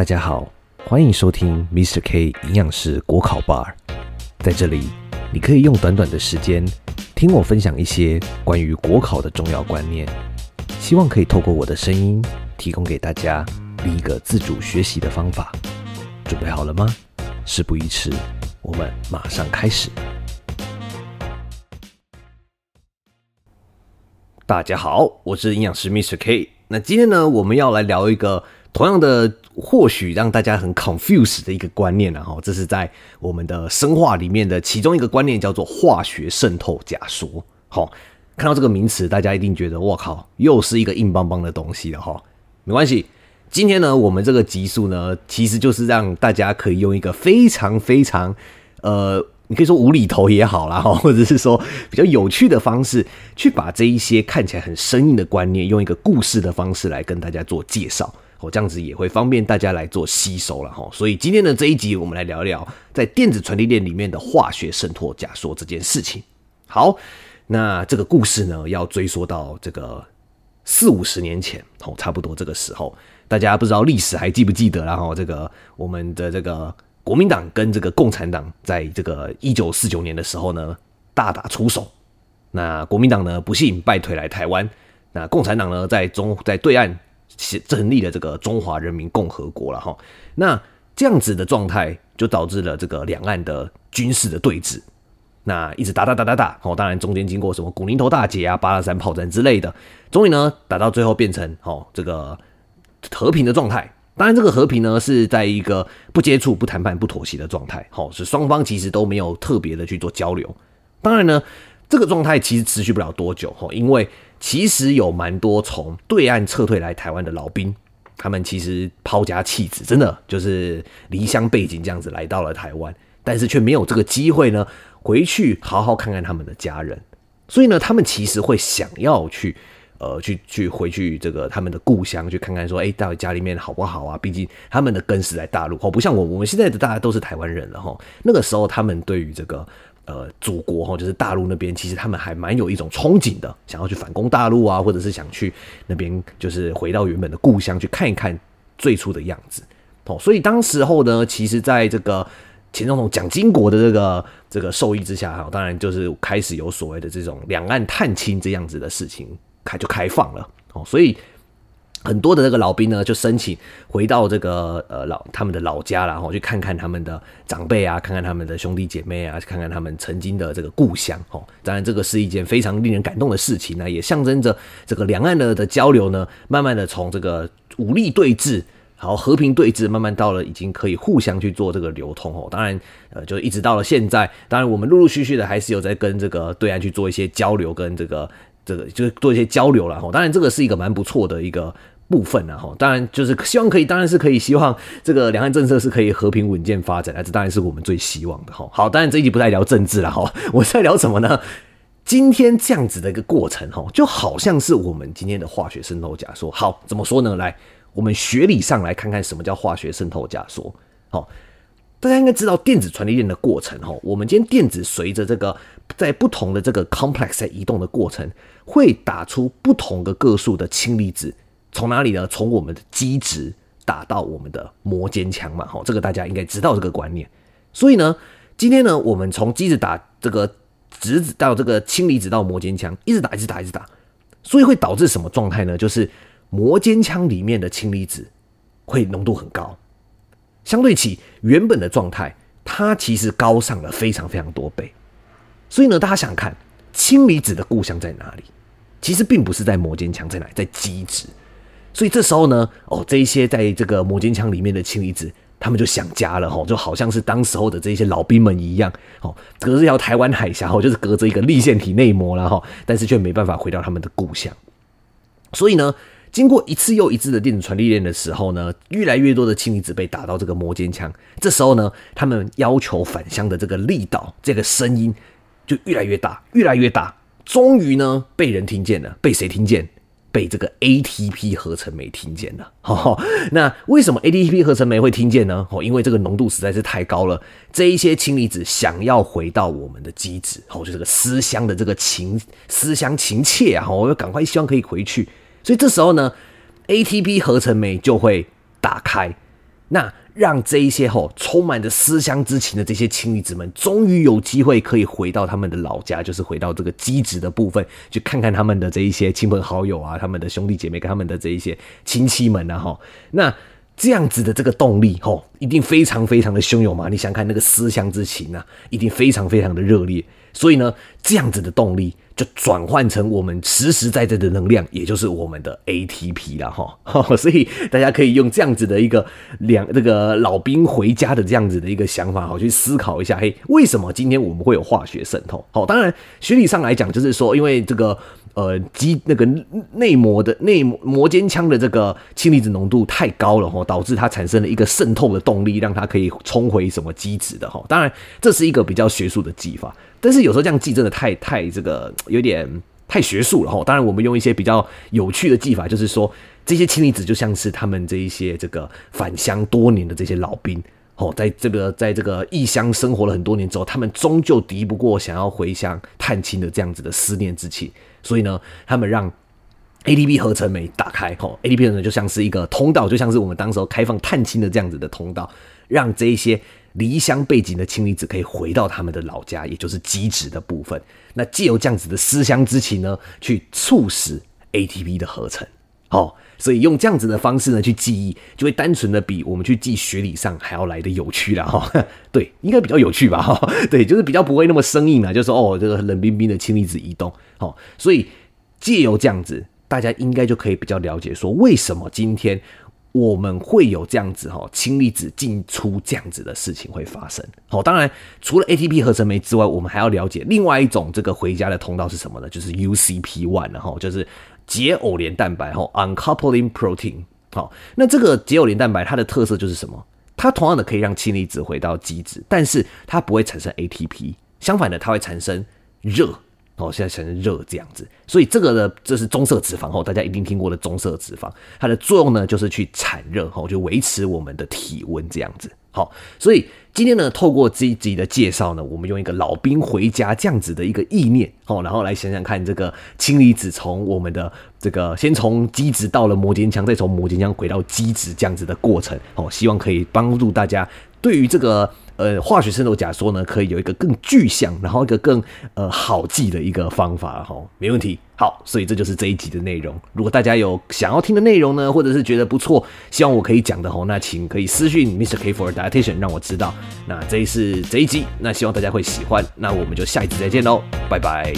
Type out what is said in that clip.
大家好，歡迎收聽 Mr K 營養師國考 Bar，在這裡你可以用短短的時間聽我分享一些關於國考的重要觀念，希望可以透過我的聲音提供給大家另一個自主學習的方法。準備好了嗎？事不宜遲，我們馬上開始。大家好，我是營養師 Mr K。那今天呢，我們要來聊一個。同樣的，或許讓大家很 confuse 的一個觀念了、啊、哈，這是在我們的生化裡面的其中一個觀念，叫做化學滲透假說。好、哦，看到這個名詞，大家一定覺得我靠，又是一個硬邦邦的東西了哈、哦。沒關係，今天呢，我們這個集數呢，其實就是讓大家可以用一個非常非常呃，你可以說無厘頭也好啦，哈，或者是說比較有趣的方式，去把這一些看起來很生硬的觀念，用一個故事的方式來跟大家做介紹。哦，這樣子也會方便大家來做吸收了哈。所以今天的這一集，我們來聊一聊在電子傳遞鏈裡面的化學滲透假說這件事情。好，那這個故事呢，要追溯到這個四五十年前，哦，差不多這個時候，大家不知道歷史還記不記得？然後這個我們的這個國民黨跟這個共產黨，在這個一九四九年的時候呢，大打出手。那國民黨呢，不幸敗退來台灣；那共產黨呢，在中，在對岸。成立了這個中華人民共和國了哈，那這樣子的狀態就導致了這個兩岸的軍事的對峙，那一直打打打打打，哦，當然中間經過什麼古寧頭大捷啊、八二三炮戰之類的，終於呢打到最後變成哦這個和平的狀態，當然這個和平呢是在一個不接觸、不談判、不妥協的狀態。好，是雙方其實都沒有特別的去做交流，當然呢這個狀態其實持續不了多久哈，因為。其實有蠻多從對岸撤退來台灣的老兵，他們其實拋家棄子，真的就是離鄉背井這樣子來到了台灣，但是卻沒有這個機會呢，回去好好看看他們的家人。所以呢，他們其實會想要去，呃，去去回去這個他們的故鄉去看看，說，哎，到底家裡面好不好啊？畢竟他們的根是在大陸，哦，不像我，我們現在的大家都是台灣人了吼。那個時候，他們對於這個。呃，祖國就是大陸那邊，其實他們還蠻有一種憧憬的，想要去反攻大陸啊，或者是想去那邊，就是回到原本的故鄉去看一看最初的樣子。哦，所以當時候呢，其實在這個前總統蔣經國的這個這個授意之下哈，當然就是開始有所謂的這種兩岸探親這樣子的事情開就開放了。哦，所以。很多的這個老兵呢，就申請回到這個呃老他們的老家，然後去看看他們的長輩啊，看看他們的兄弟姐妹啊，看看他們曾經的這個故鄉，哦，當然，這個是一件非常令人感動的事情那、啊、也象徵着這個兩岸的的交流呢，慢慢的從這個武力對峙，然後和平對峙，慢慢到了已經可以互相去做這個流通，哦，當然，呃，就一直到了現在，當然我們陸陸續續的還是有在跟這個對岸去做一些交流跟這個。這個就是做一些交流了哈，當然這個是一個蠻不錯的一個部分了。哈，當然就是希望可以，當然是可以希望這個兩岸政策是可以和平穩健發展，這當然是我們最希望的哈。好，當然這一集不再聊政治了哈，我在聊什麼呢？今天這樣子的一個過程哈，就好像是我們今天的化學滲透假說。好，怎麼說呢？來，我們學理上來看看什麼叫化學滲透假說。好。大家應該知道電子傳遞鏈的過程哈，我們今天電子隨着這個在不同的這個 complex 在移動的過程，會打出不同的個數的氫離子，從哪裡呢？從我們的基質打到我們的膜間腔嘛，哈，這個大家應該知道這個觀念。所以呢，今天呢，我們從基質打這個質子到這個氫離子到膜間腔，一直打一直打一直打，一直打，所以會導致什麼狀態呢？就是膜間腔裡面的氫離子會濃度很高。相對起原本的狀態，它其實高上了非常非常多倍，所以呢，大家想看氫離子的故鄉在哪裡？其實並不是在膜間腔，在哪裡？在基質。所以這時候呢，哦，這一些在這個膜間腔裡面的氫離子，他們就想家了哈、哦，就好像是當時候的這些老兵們一樣，哦，隔着一條台灣海峽，哦，就是隔着一個粒線體內膜然後哈，但是卻沒辦法回到他們的故鄉。所以呢。經過一次又一次的電子傳遞鏈的時候呢，越來越多的氫離子被打到這個膜間腔。這時候呢，他們要求返鄉的這個力道，這個聲音就越來越大，越來越大。終於呢，被人聽見了。被誰聽見？被這個 ATP 合成酶聽見了、哦。那為什麼 ATP 合成酶會聽見呢？哦，因為這個濃度實在是太高了。這一些氫離子想要回到我們的基質，哦，就這、是、個思鄉的這個情，思鄉情切啊！我、哦、要趕快希望可以回去。所以這時候呢，ATP 合成酶就會打開，那讓這一些吼充滿着思鄉之情的這些氫離子們，終於有機會可以回到他們的老家，就是回到這個基質的部分，去看看他們的這一些親朋好友啊，他們的兄弟姐妹跟他們的這一些親戚們啊，哈。那這樣子的這個動力，吼、哦，一定非常非常的洶湧嘛！你想看那個思鄉之情啊，一定非常非常的熱烈。所以呢，這樣子的動力就轉換成我們實實在在的能量，也就是我們的 ATP 了，哈、哦。所以大家可以用這樣子的一個兩這個老兵回家的這樣子的一個想法，好去思考一下，嘿，為什麼今天我們會有化學滲透？好、哦，當然學理上來講，就是說，因為這個。呃，基那個內膜的內膜間腔的這個氫離子濃度太高了哈，導致它產生了一個滲透的動力，讓它可以衝回什麼基質的哈。當然，這是一個比較學術的技法，但是有時候這樣記真的太太這個有點太學術了哈。當然，我們用一些比較有趣的技法，就是說這些氫離子就像是他們這一些這個返鄉多年的這些老兵。哦，在這個，在這個異鄉生活了很多年之後，他們終究敵不過想要回鄉探親的這樣子的思念之情，所以呢，他們讓 ATP 合成酶打開。吼，ATP 呢，就像是一個通道，就像是我們當時候開放探親的這樣子的通道，讓這一些離鄉背景的氫離子可以回到他們的老家，也就是基質的部分。那藉由這樣子的思鄉之情呢，去促使 ATP 的合成。哦，所以用這樣子的方式呢，去記憶，就會單純的比我們去記學理上還要來的有趣啦哈。對，應該比較有趣吧哈。對，就是比較不會那麼生硬啊，就是哦，這個冷冰冰的氫離子移動。哦。所以借由這樣子，大家應該就可以比較了解說為什麼今天。我們會有這樣子哈、哦，氫離子進出這樣子的事情會發生。好、哦，當然除了 ATP 合成酶之外，我們還要了解另外一種這個回家的通道是什麼呢？就是 UCP 1，然、哦、後就是解偶聯蛋白，哈，Uncoupling protein。好 Prote、哦，那這個解偶聯蛋白它的特色就是什麼？它同樣的可以讓氫離子回到基質，但是它不會產生 ATP，相反的它會產生熱。哦，現在產生熱這樣子，所以這個呢，這是棕色脂肪哦，大家一定聽過的棕色脂肪，它的作用呢就是去產熱哦，就維持我們的體溫這樣子。好，所以今天呢，透過這一集的介紹呢，我們用一個老兵回家這樣子的一個意念哦，然後來想想看這個氫離子從我們的這個先從基質到了膜間腔，再從膜間腔回到基質這樣子的過程哦，希望可以幫助大家對於這個。呃，化學滲透假說呢，可以有一個更具象，然後一個更呃好記的一個方法吼、哦，沒問題。好，所以這就是這一集的內容。如果大家有想要聽的內容呢，或者是覺得不錯，希望我可以講的吼、哦，那請可以私訊 Mr. K for Dictation 讓我知道。那這是這一集，那希望大家會喜歡。那我們就下一集再見嘍，拜拜。